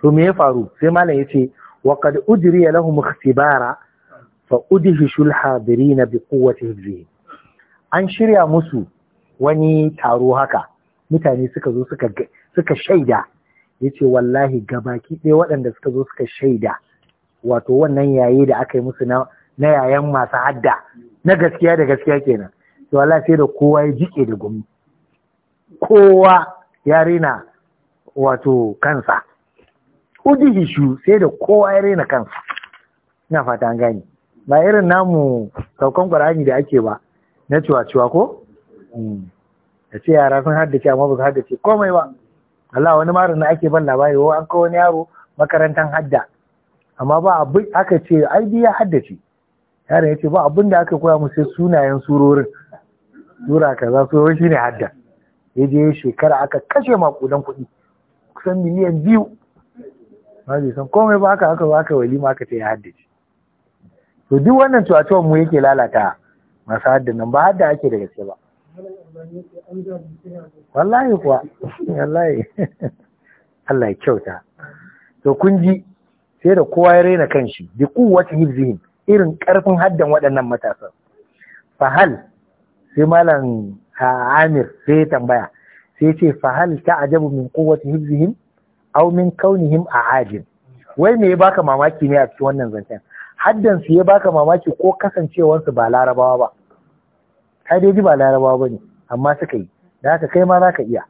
to me ya faru sai malam yace wa qad ujriya lahum ikhtibara fa udhishul hadirin bi quwwati an shirya musu wani taro haka mutane suka zo suka shaida, ya ce wallahi gabaki ɗaya waɗanda suka zo suka shaida wato wannan yayi da aka yi musu na yayan masu hadda na gaskiya da gaskiya kenan to Allah sai da kowa ya jike da gumi kowa ya rena wato kansa ujihishu sai da kowa ya rena kansa ina fata an gane ba irin namu saukan ƙwarani da ake ba na cewa ciwa ko? Hmm. da ce yara sun haddace amma ba su haddace komai ba Allah wani marin na ake ban labari wa an kawo wani yaro makarantar hadda amma ba abin aka ce ai ya haddace yaron ya ce ba abin da aka koya musu sunayen surorin sura kaza surorin shine hadda ya je shekara aka kashe makudan kuɗi kusan miliyan biyu Ba bai san komai ba aka aka aka walima aka ce ya haddace to duk wannan cuwa mu yake lalata masu hadda nan ba hadda ake da gaske ba wallahi kuwa wallahi Allah ya kyauta to kun ji sai da kowa ya raina kanshi bi kuwwati hifzihim irin karfin haddan waɗannan matasan fahal sai malam Amir sai ya tambaya sai ya ce fahal ta ajabu min kuwwati hifzihim aw min kaunihim a'ajin wai me ya baka mamaki ne a cikin wannan zancen haddan su ya baka mamaki ko kasancewarsu ba larabawa ba kai ba ji ba ne, amma suka yi da haka kai ma za ka iya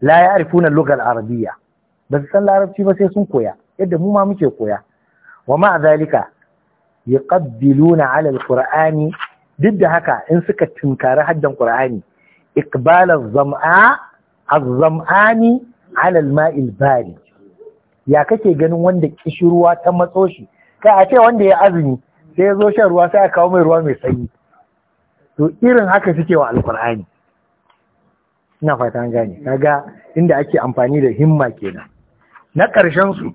la ya ya'rifuna lokal Arabiya. ba su san larabci ba sai sun koya yadda mu ma muke koya wa ma zalika yuqabbiluna 'ala ƙur'ani? duk da haka in suka tunkari haddan qur'ani Iqbalar zam'a a zamani 'ala mail bari ya kake ganin wanda kishirwa ta matso shi kai a ce wanda ya azumi sai ya zo shan ruwa sai a kawo mai ruwa mai sanyi to irin haka suke wa alkur'ani ina fata an gane kaga inda ake amfani da himma kenan na ƙarshen su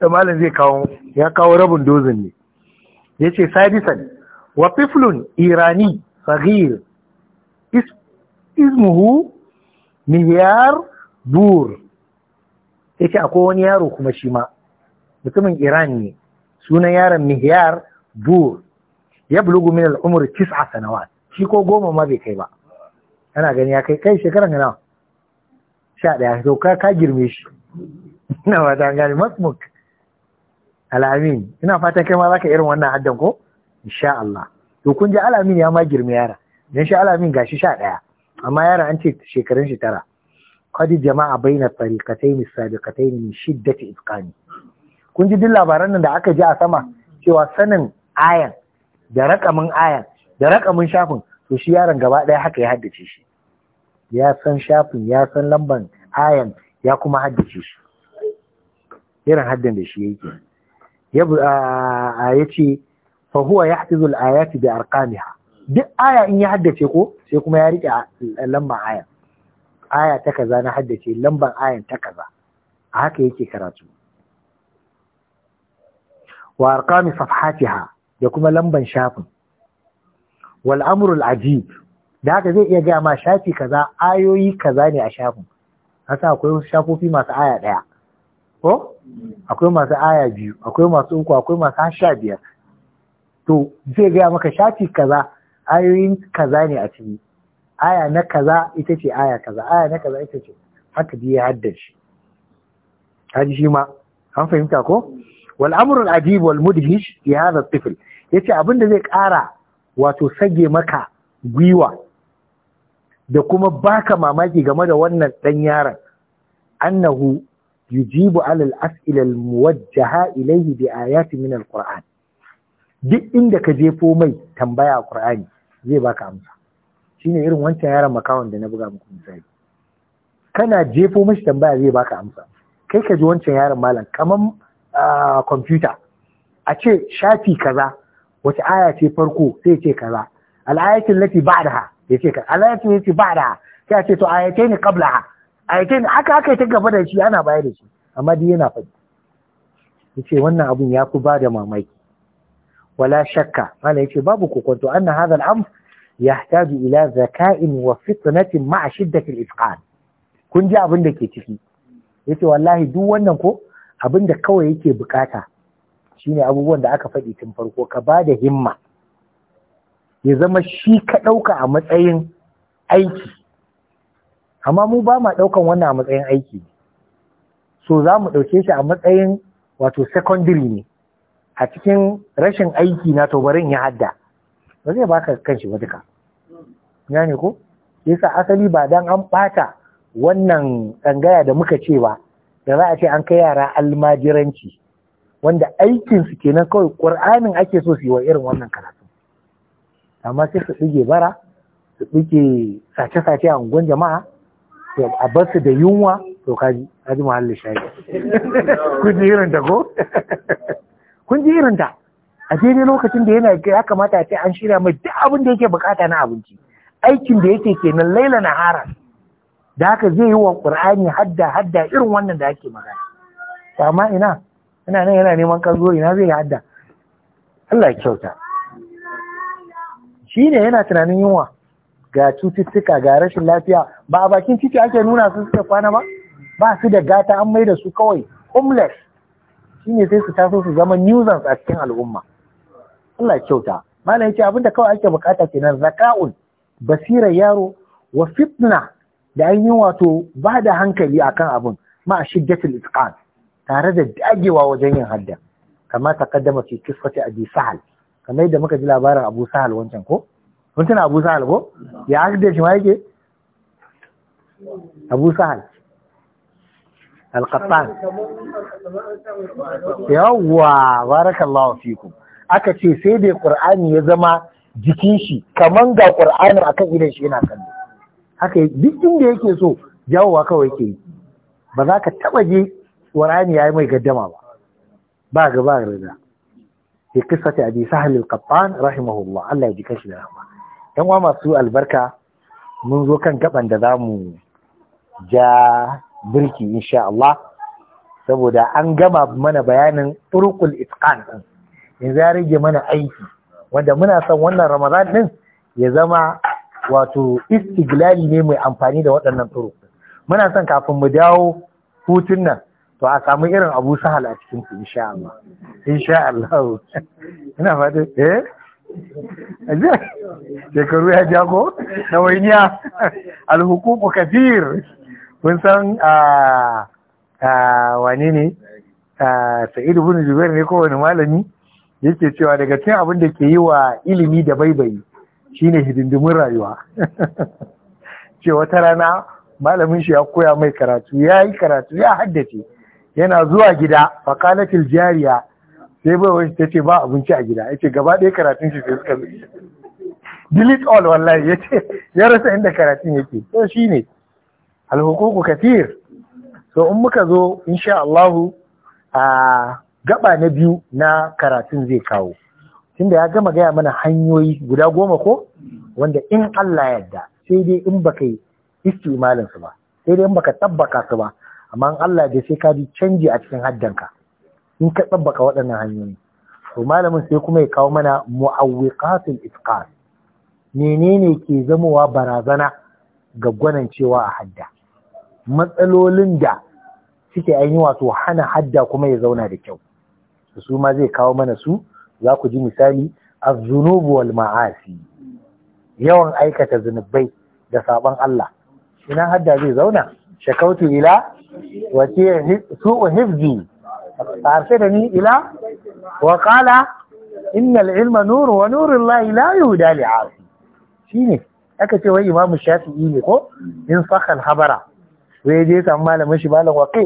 da malam zai kawo ya kawo rabin dozin ne yace sadisan wa fiflun irani saghir ismuhu miyar bur yace akwai wani yaro kuma shi ma mutumin iran ne sunan yaron mihyar bur ya bulugu min al'umur tis'a sanawat shi ko goma ma bai kai ba Kana gani ya kai kai shekaran nawa sha ɗaya to ka ka girme shi ina an gani masmuk alamin ina fatan kai ma zaka irin wannan haddan ko insha Allah to kun ji alamin ya ma girme yara dan shi alamin gashi sha ɗaya amma yara an ce shekarun shi tara kwadi jama'a baina tariqatayn sabiqatayn min shiddati ne. kun ji duk labaran nan da aka ji a sama cewa sanin ayan da rakamin ayan da rakamin shafin to shi yaron gaba ɗaya haka ya haddace shi ya san shafin ya san lamban ayan ya kuma haddace shi irin haddan da shi yake ya a ya ce fa huwa yahtizu al-ayati bi arqamiha duk aya in ya haddace ko sai kuma ya rike lamban ayan aya ta kaza na haddace lamban ayan ta kaza a haka yake karatu wa arqami safhatiha da kuma lamban shafin wal ajiyu da haka zai iya gaya ma shafi kaza ayoyi kaza ne a shafin haka akwai shafofi masu aya ɗaya ko akwai masu aya biyu akwai masu uku akwai masu sha biyar to zai gaya maka shafi kaza ayoyin kaza ne a ciki aya na kaza ita ce aya kaza aya na kaza ita ce haka biya haddar shi haji shi ma an fahimta ko wal amrul ajib wal mudhish fi hadha at-tifl yace abinda zai kara. wato sage maka gwiwa da kuma baka mamaki game da wannan ɗan yaron annahu yujibu alal as'ila muwajjaha ilayhi bi ayati min alquran duk inda ka jefo mai tambaya a qur'ani zai baka amsa shine irin wancan yaron makawan da na buga muku misali kana jefo mashi tambaya zai baka amsa kai ka ji wancan yaron malam kaman ah, kwamfuta a ce shafi kaza wace aya ce farko sai ce kaza al-ayatin lati ba'daha yace kaza al-ayatin yace ba'daha sai ce to ayatain qablaha ayatain aka haka ta gaba da shi ana bayar da shi amma dai yana faɗi yace wannan abun ya fi bada mamaki wala shakka mana yace babu kokonto anna hadha al-amr yahtaju ila zaka'in wa fitnatin ma'a shiddati al kun ji abin da ke ciki yace wallahi duk wannan ko abin da kawai yake bukata shine abubuwan da aka faɗi tun farko ka ba da himma ya zama shi ka ɗauka a matsayin aiki amma mu ba ma ɗaukan wannan a matsayin aiki so za mu ɗauke shi a matsayin wato secondary ne a cikin rashin aiki na to barin ya hadda ba zai baka kanshi ba ka ya ne ko yasa asali ba dan an ɓata wannan tsangaya da muka ce ba da za a ce an kai yara almajiranci wanda aikin su kenan kawai qur'anin ake so su yi wa irin wannan karatu amma sai su ɗige bara su ɗige sace-sace a unguwan jama'a to a bar su da yunwa to kaji kaji muhallin shayi kun ji irin ta ko kun ji irin ta a daidai lokacin da yana ya kamata a ce an shirya mai duk abin da yake bukata na abinci aikin da yake kenan laila na hara da haka zai yi wa ƙur'ani hadda hadda irin wannan da ake magana amma ina yana nan yana neman kalgo ina zai hadda Allah ya kyauta shi ne yana tunanin yunwa ga cututtuka ga rashin lafiya ba a bakin titi ake nuna su suka kwana ba ba su da gata an mai da su kawai homeless shi ne sai su taso su zama nuisance a cikin al'umma Allah ya kyauta malam yace abin da kawai ake bukata kenan zaka'un basirar yaro wa fitna da an yi wato ba da hankali akan abin ma shiddatul itqan tare da dagewa wajen yin hadda ta kaddama fi qissati abu sahal kamar yadda muka ji labarin abu sahal wancan ko Mun tuna abu sahal ko ya hadda shi ma yake abu sahal al yawwa barakallahu fikum aka ce sai dai qur'ani ya zama jikin shi kamar ga a akan idan shi yana kallo haka duk inda yake so jawowa kawai ke yi ba za ka taba je qur'ani yayi mai gaddama ba ba ga ba rida fi qissati abi sahl al-qattan rahimahullah Allah ya ji kashi masu albarka mun zo kan gaban da za mu ja birki insha saboda an gama mana bayanin turqul itqan din yanzu ya rage mana aiki wanda muna son wannan Ramadan ɗin ya zama wato istiglali ne mai amfani da waɗannan turuk muna son kafin mu dawo hutun nan to a samu irin abu sahal a cikin su insha Allah insha Allah ina eh aje shekaru ya jago na wainiya alhukuku kafir kun san a wane ne sa'id ibn jubair ne ko wani malami yake cewa daga cikin abin da ke yi wa ilimi da baibayi shine hidindimin rayuwa Cewa wata rana malamin shi ya koya mai karatu ya yi karatu ya haddace yana zuwa gida fakalatil jariya sai bai wani ta ce ba abinci a gida ya ce gaba ɗaya karatun shi sai suka zuci delete all wallahi ya ce ya rasa inda karatun yake to shi ne alhukuku kafir so in muka zo insha Allahu a gaba na biyu na karatun zai kawo tunda ya gama gaya mana hanyoyi guda goma ko wanda in Allah yadda sai dai in baka yi istimalinsu ba sai dai in baka tabbaka su ba amma Allah da sai ka bi canji a cikin haddanka in ka tsabbaka waɗannan hanyoyi to malamin sai kuma ya kawo mana mu'awwiqatul itqan menene ke zamowa barazana ga cewa a hadda matsalolin da suke ainihi wato hana hadda kuma ya zauna da kyau su ma zai kawo mana su za ku ji misali az-zunubu wal ma'asi yawan aikata zunubai da saban Allah ina hadda zai zauna shakautu ila wace su hifzi da إلى وقال إن العلم نور ونور الله لا يهدى لعاصي شيني أكتب إمام الشافعي لكو إن صح الخبر ويجيس أما لم يشبه له وقع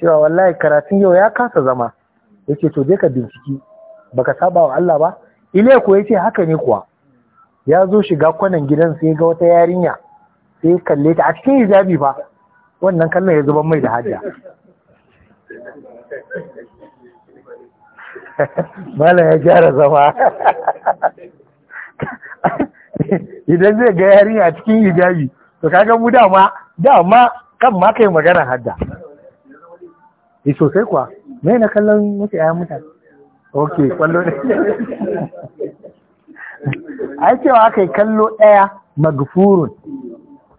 شوى والله كراتين يو يا كاسا زما yace to je ka binciki baka saɓa wa Allah ba ile ya ce haka ne kuwa ya zo shiga kwanan gidan ya ga wata yarinya sai kalle ta a cikin hijabi ba. wannan kallon ya zuban mai da hajja mala ya gyara zama idan zai ga yarinya a cikin hijabi to kaga mu dama dama kan ma kai magana hadda eh sosai kuwa me na kallon muke ayan mutane ok kwallo ne ai cewa aka yi kallo ɗaya magfurun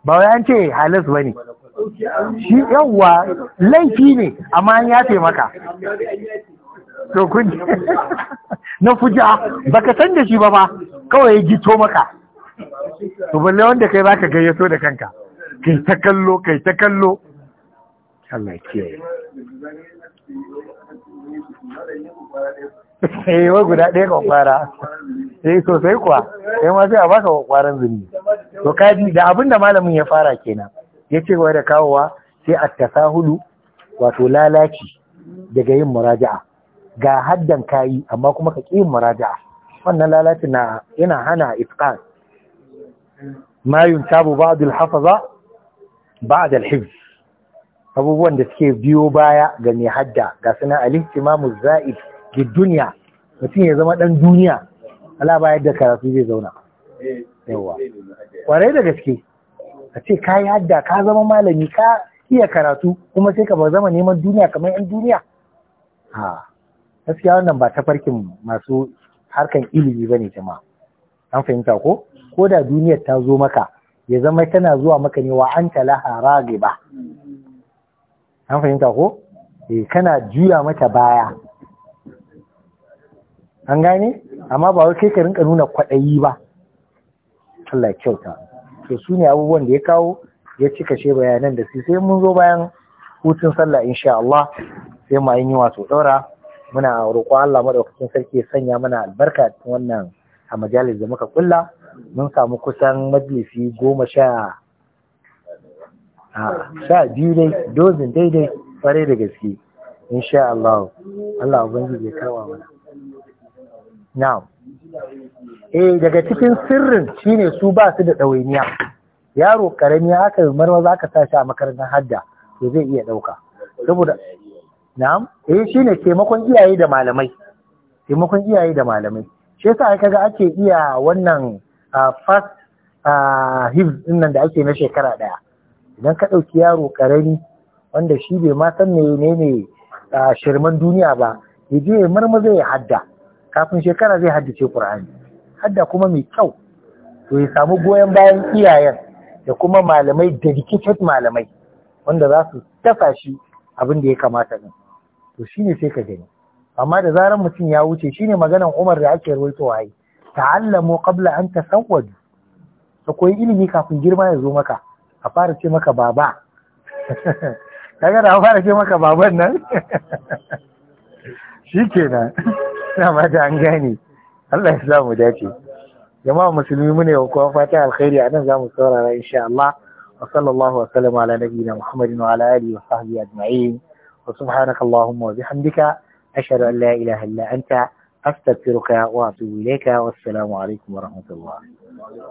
ba wai an ce halis ba ne shi yawwa laifi ne amma ya taimaka to kun na fuja baka san da shi ba ba kawai ya gito maka to balle wanda kai baka gayyato da kanka kai ta kallo kai ta kallo Allah ya kiyaye eh wai guda ɗaya fara. eh sosai kuwa sai ma sai a baka kwaran zuni to kaji da abinda malamin ya fara kenan ya ce da kawowa sai a tasahulu wato lalaci daga yin muraja'a ga haddan kayi amma kuma ka ƙi muraja'a wannan lalaci na yana hana itqan ma yuntabu ba'd al-hafaza ba'd al-hifz abubuwan da suke biyo baya ga mai hadda ga suna al-ihtimamu za'id ga duniya mutum ya zama dan duniya Allah bayar da karatu zai zauna eh, yawa kwarai da gaske A ce ka yi hadda ka zama malami ka iya karatu kuma sai ka ba zama neman duniya kamar yan duniya ha gaskiya wannan ba ta farkin masu harkan ilimi ba ne jama'a an fahimta ko ko da duniyar ta zo maka ya zama tana zuwa maka ne wa an talaha ba an fahimta ko eh kana juya mata baya an gane amma ba wai kai ka rinka nuna kwaɗayi ba Allah ya kyauta to su ne abubuwan da ya kawo ya cika she bayanan da su sai mun zo bayan hutun sallah insha Allah sai mu yi wato daura muna roƙo Allah madaukakin sarki ya sanya mana albarka cikin wannan a majalis da muka kulla mun samu kusan majalisi goma sha sha biyu dai dozin daidai kwarai da gaske insha Allah Allah ubangiji ya kawo mana na'am eh daga cikin sirrin shine su ba su da ɗawainiya yaro aka haka marwa za ka sa shi a makarantar hadda to zai iya ɗauka saboda na'am eh shine taimakon iyaye da malamai taimakon iyaye da malamai shi yasa aka ga ake iya wannan fast hiv din nan da ake na shekara ɗaya idan ka ɗauki yaro ƙarami wanda shi bai ma san menene shirman duniya ba ya je marmaza ya hadda kafin shekara zai haddace ƙur'ani, hadda kuma mai kyau to ya samu goyon bayan iyayen da kuma malamai dedicated malamai wanda za su tafa shi abin da ya kamata ne to shine sai ka gani amma da zarar mutum ya wuce shine maganan Umar da ake rawaitowa yi ta'allamu qabla an tasawwadu ka koyi ilimi kafin girma ya zo maka a fara ce maka baba kaga da a fara ce maka baban nan Shi kenan. na mata an gane Allah ya samu dace jama'a musulmi mune wa kowa fata alkhairi anan zamu saurara insha Allah wa sallallahu wa sallama ala nabiyyina Muhammadin wa ala alihi wa sahbihi ajma'in wa subhanaka allahumma wa bihamdika ashhadu an la ilaha illa anta astaghfiruka wa atubu ilayka wassalamu alaikum wa rahmatullah